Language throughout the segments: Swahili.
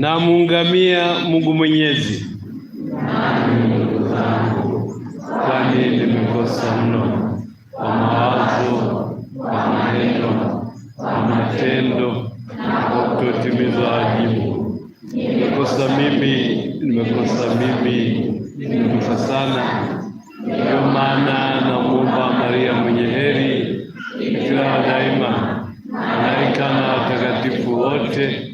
Namuungamia Mungu Mwenyezi, kwani nimekosa mno kwa mawazo, kwa maneno, kwa matendo na kwa kutotimiza wajibu. Nimekosa mimi, nimekosa mimi, nimekosa sana. Ndiyo maana namuomba Maria mwenye heri, Bikira daima, malaika na watakatifu wote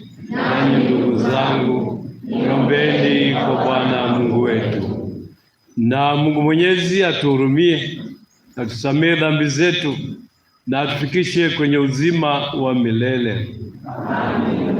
zangu, niombeni kwa Bwana Mungu wetu. Na Mungu Mwenyezi atuhurumie, atusamehe dhambi zetu, na atufikishe kwenye uzima wa milele. Amen.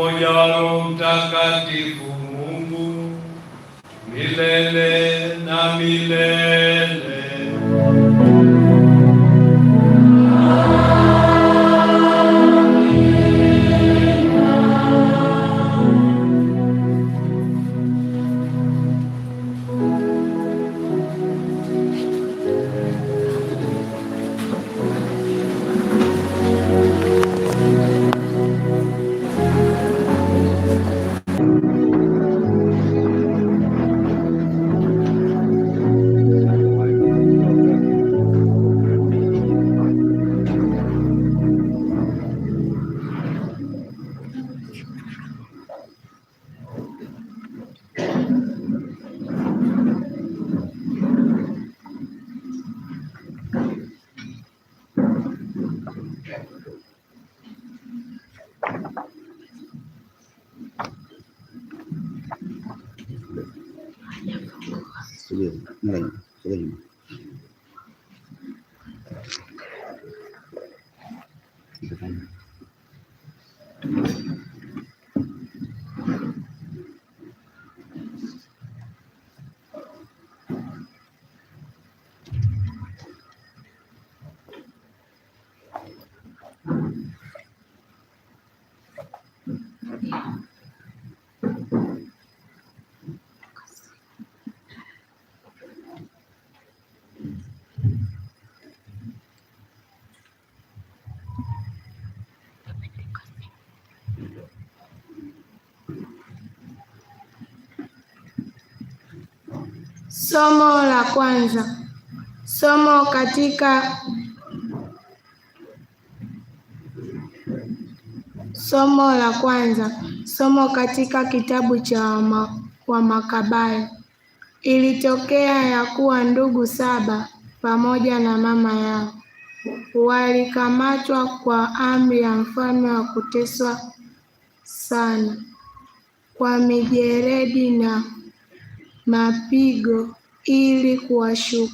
umoja Roho Mtakatifu, Mungu milele na milele. Sige, ngayon. Sige, ngayon. Somo la kwanza. Somo katika somo la kwanza. Somo katika kitabu cha Makabayo. Ilitokea ya kuwa ndugu saba pamoja na mama yao walikamatwa kwa amri ya mfalme wa kuteswa sana kwa mijeredi na mapigo ili kuwashu,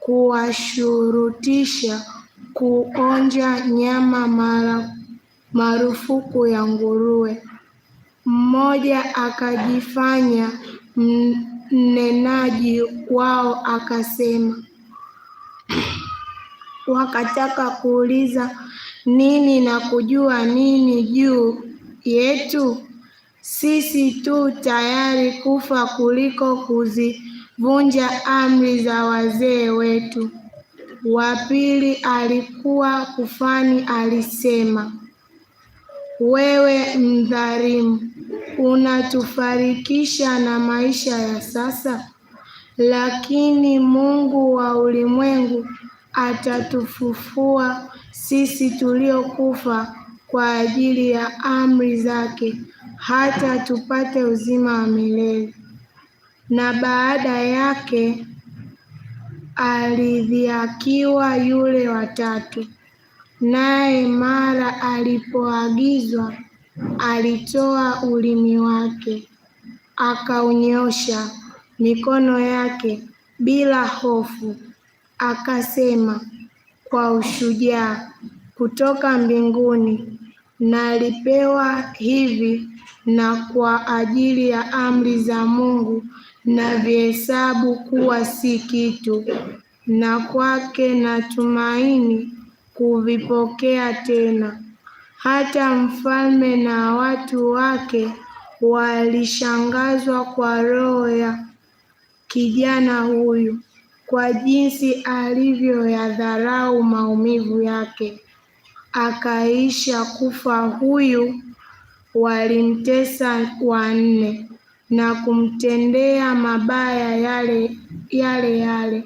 kuwashurutisha kuonja nyama mara marufuku ya nguruwe. Mmoja akajifanya mnenaji wao akasema wakataka kuuliza nini na kujua nini juu yetu? Sisi tu tayari kufa kuliko kuzi vunja amri za wazee wetu. Wa pili alikuwa kufani, alisema wewe mdhalimu, unatufarikisha na maisha ya sasa, lakini Mungu wa ulimwengu atatufufua sisi tuliokufa kwa ajili ya amri zake, hata tupate uzima wa milele na baada yake alidhiakiwa yule watatu naye mara alipoagizwa alitoa ulimi wake akaunyosha mikono yake bila hofu, akasema kwa ushujaa kutoka mbinguni, nalipewa hivi na kwa ajili ya amri za Mungu na vihesabu kuwa si kitu, na kwake natumaini kuvipokea tena. Hata mfalme na watu wake walishangazwa kwa roho ya kijana huyu, kwa jinsi alivyo ya dharau maumivu yake. Akaisha kufa huyu, walimtesa wanne na kumtendea mabaya yale yale yale.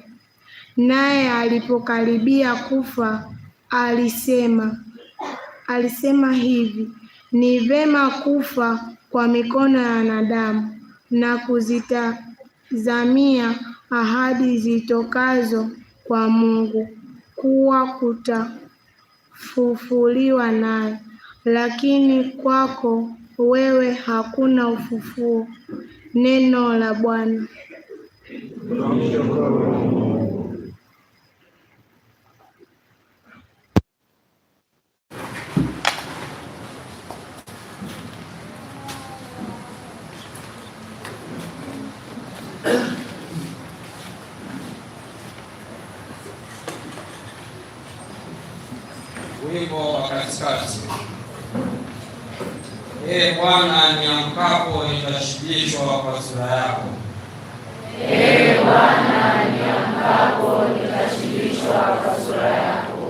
Naye alipokaribia kufa alisema alisema hivi, ni vema kufa kwa mikono ya wanadamu na kuzitazamia ahadi zitokazo kwa Mungu kuwa kutafufuliwa naye, lakini kwako wewe hakuna ufufuo. Neno la Bwana. Ee Bwana, niamkapo nitashibishwa kwa sura yako. Ee Bwana, niamkapo nitashibishwa kwa sura yako.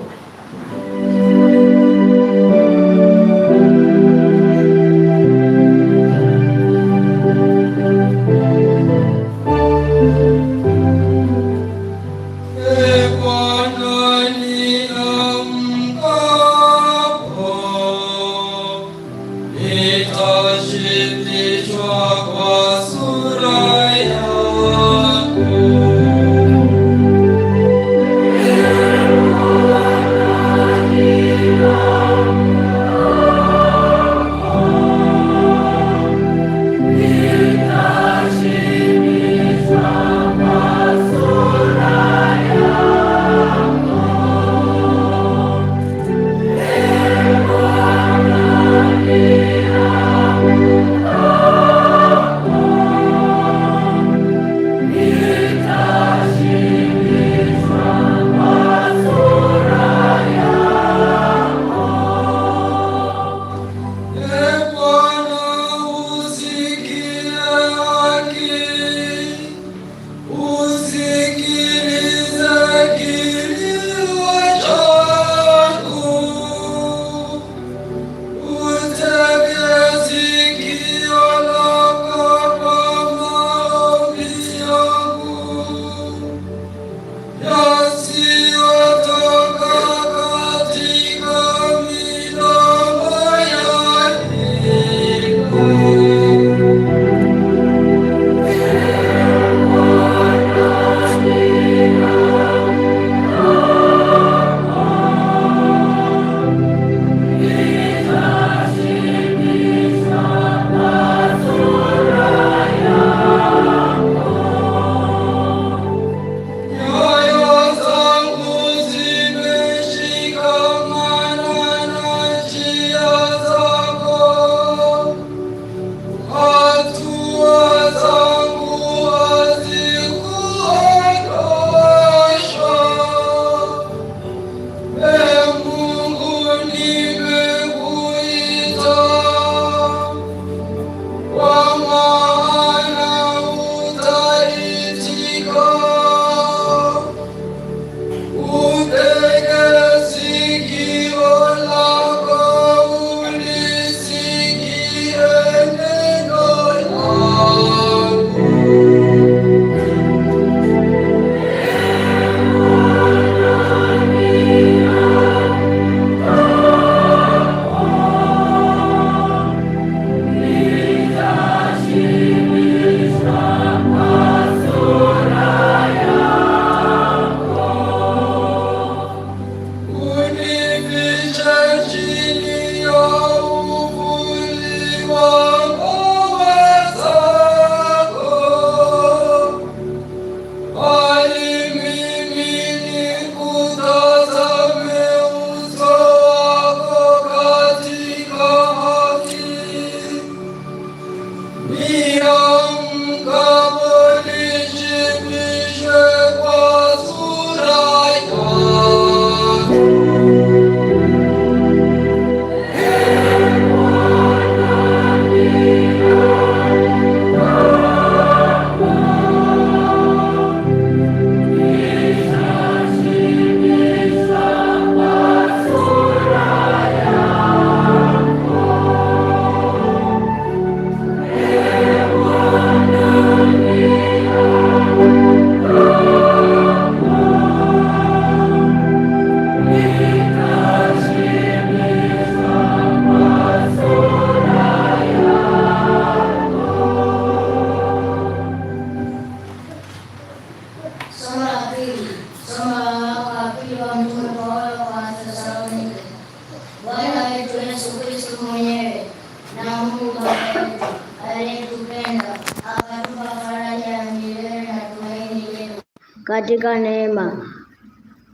katika neema,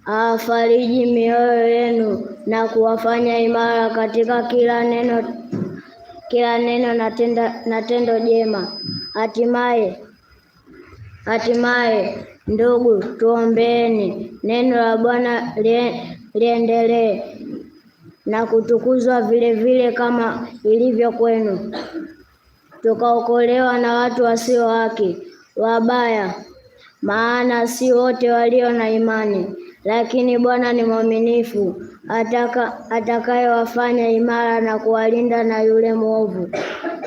afariji mioyo yenu na kuwafanya imara katika kila neno, kila neno na na tendo jema. Hatimaye hatimaye, ndugu, tuombeeni neno la Bwana liendelee na kutukuzwa vile vile kama ilivyo kwenu, tukaokolewa na watu wasio haki wabaya maana si wote walio na imani. Lakini Bwana ni mwaminifu, ataka atakayewafanya imara na kuwalinda na yule mwovu.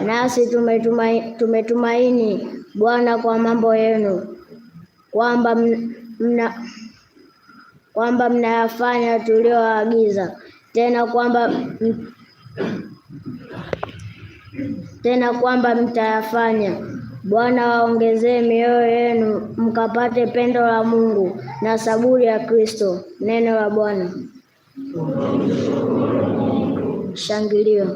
Nasi tumetumaini, tumetumaini Bwana kwa mambo yenu, kwamba mna kwamba mnayafanya tulioagiza, tena kwamba tena kwamba mtayafanya. Bwana waongezee mioyo yenu mkapate pendo la Mungu na saburi ya Kristo. Neno la Bwana. Shangilio.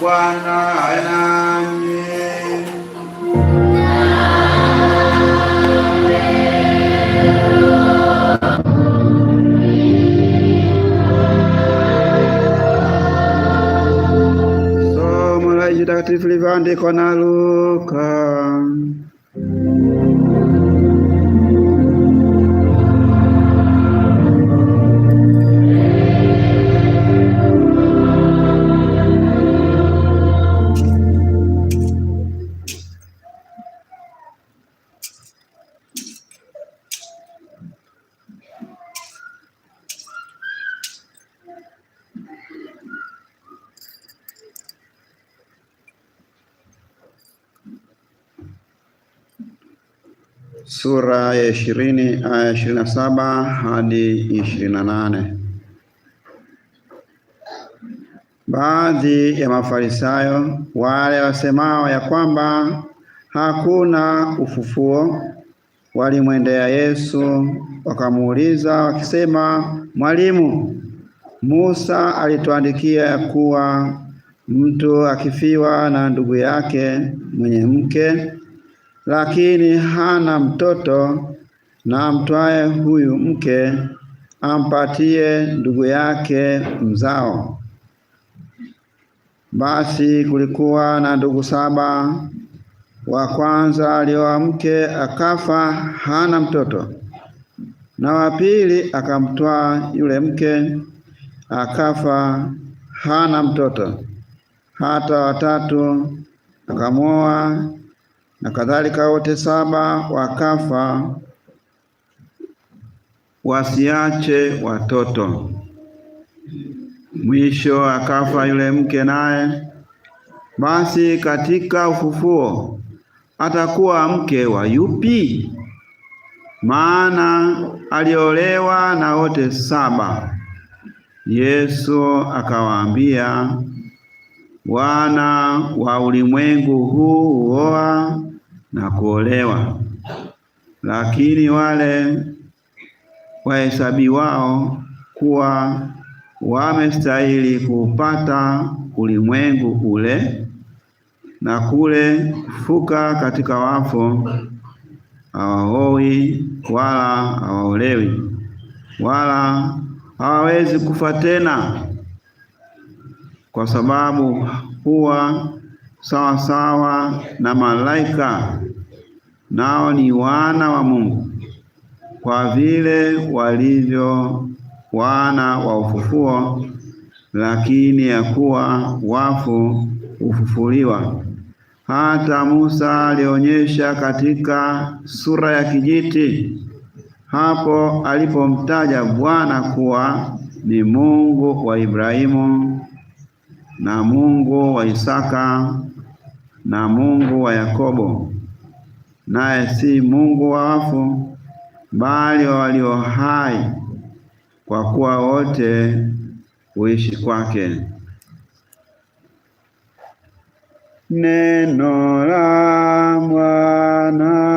Bwana nami. Somo la Injili takatifu lilivyoandikwa na Luka. sura ya ishirini aya ishirini na saba hadi ishirini na nane. Baadhi ya Mafarisayo wale wasemao ya kwamba hakuna ufufuo walimwendea Yesu wakamuuliza wakisema, Mwalimu, Musa alituandikia kuwa mtu akifiwa na ndugu yake mwenye mke lakini hana mtoto, na amtwaye huyu mke ampatie ndugu yake mzao. Basi kulikuwa na ndugu saba. Wa kwanza alioa mke akafa, hana mtoto, na wa pili akamtwaa yule mke akafa, hana mtoto. Hata watatu akamwoa na kadhalika, wote saba wakafa wasiache watoto. Mwisho akafa yule mke naye. Basi katika ufufuo atakuwa mke wa yupi? Maana aliolewa na wote saba. Yesu akawaambia, wana wa ulimwengu huu huoa na kuolewa, lakini wale wahesabiwao kuwa wamestahili kuupata ulimwengu ule na kule kufuka katika wafu, hawaoi wala hawaolewi wala hawawezi kufa tena, kwa sababu huwa sawa sawa na malaika, nao ni wana wa Mungu, kwa vile walivyo wana wa ufufuo. Lakini ya kuwa wafu hufufuliwa, hata Musa alionyesha katika sura ya kijiti, hapo alipomtaja Bwana kuwa ni Mungu wa Ibrahimu na Mungu wa Isaka na Mungu wa Yakobo, naye si Mungu wa wafu, bali wa walio hai, kwa kuwa wote huishi kwake. Neno la Bwana.